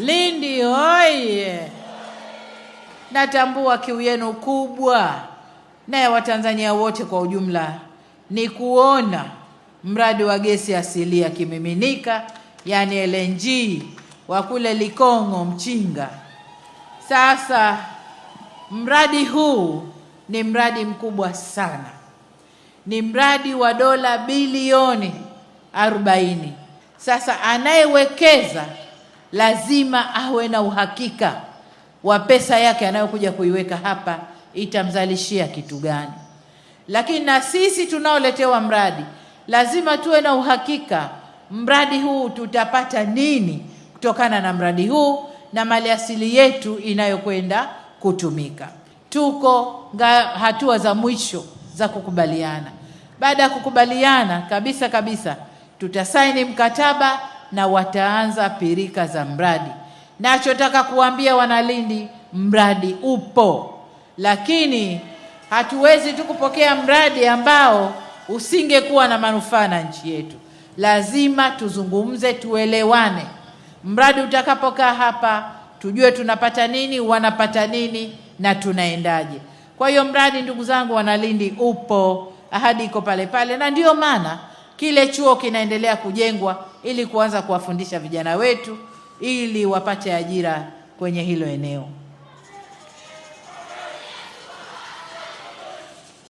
Lindi oye! Natambua kiu yenu kubwa na ya Watanzania wote kwa ujumla ni kuona mradi wa gesi asilia kimiminika, yaani LNG wa kule Likongo Mchinga. Sasa mradi huu ni mradi mkubwa sana, ni mradi wa dola bilioni arobaini. Sasa anayewekeza lazima awe na uhakika wa pesa yake anayokuja kuiweka hapa itamzalishia kitu gani. Lakini na sisi tunaoletewa mradi lazima tuwe na uhakika, mradi huu tutapata nini kutokana na mradi huu na maliasili yetu inayokwenda kutumika. Tuko hatua za mwisho za kukubaliana. Baada ya kukubaliana kabisa kabisa, tutasaini mkataba na wataanza pirika za mradi. Nachotaka kuambia Wanalindi, mradi upo, lakini hatuwezi tu kupokea mradi ambao usingekuwa na manufaa na nchi yetu. Lazima tuzungumze, tuelewane. Mradi utakapokaa hapa, tujue tunapata nini, wanapata nini na tunaendaje. Kwa hiyo mradi, ndugu zangu Wanalindi, upo, ahadi iko pale pale, na ndiyo maana kile chuo kinaendelea kujengwa ili kuanza kuwafundisha vijana wetu ili wapate ajira kwenye hilo eneo.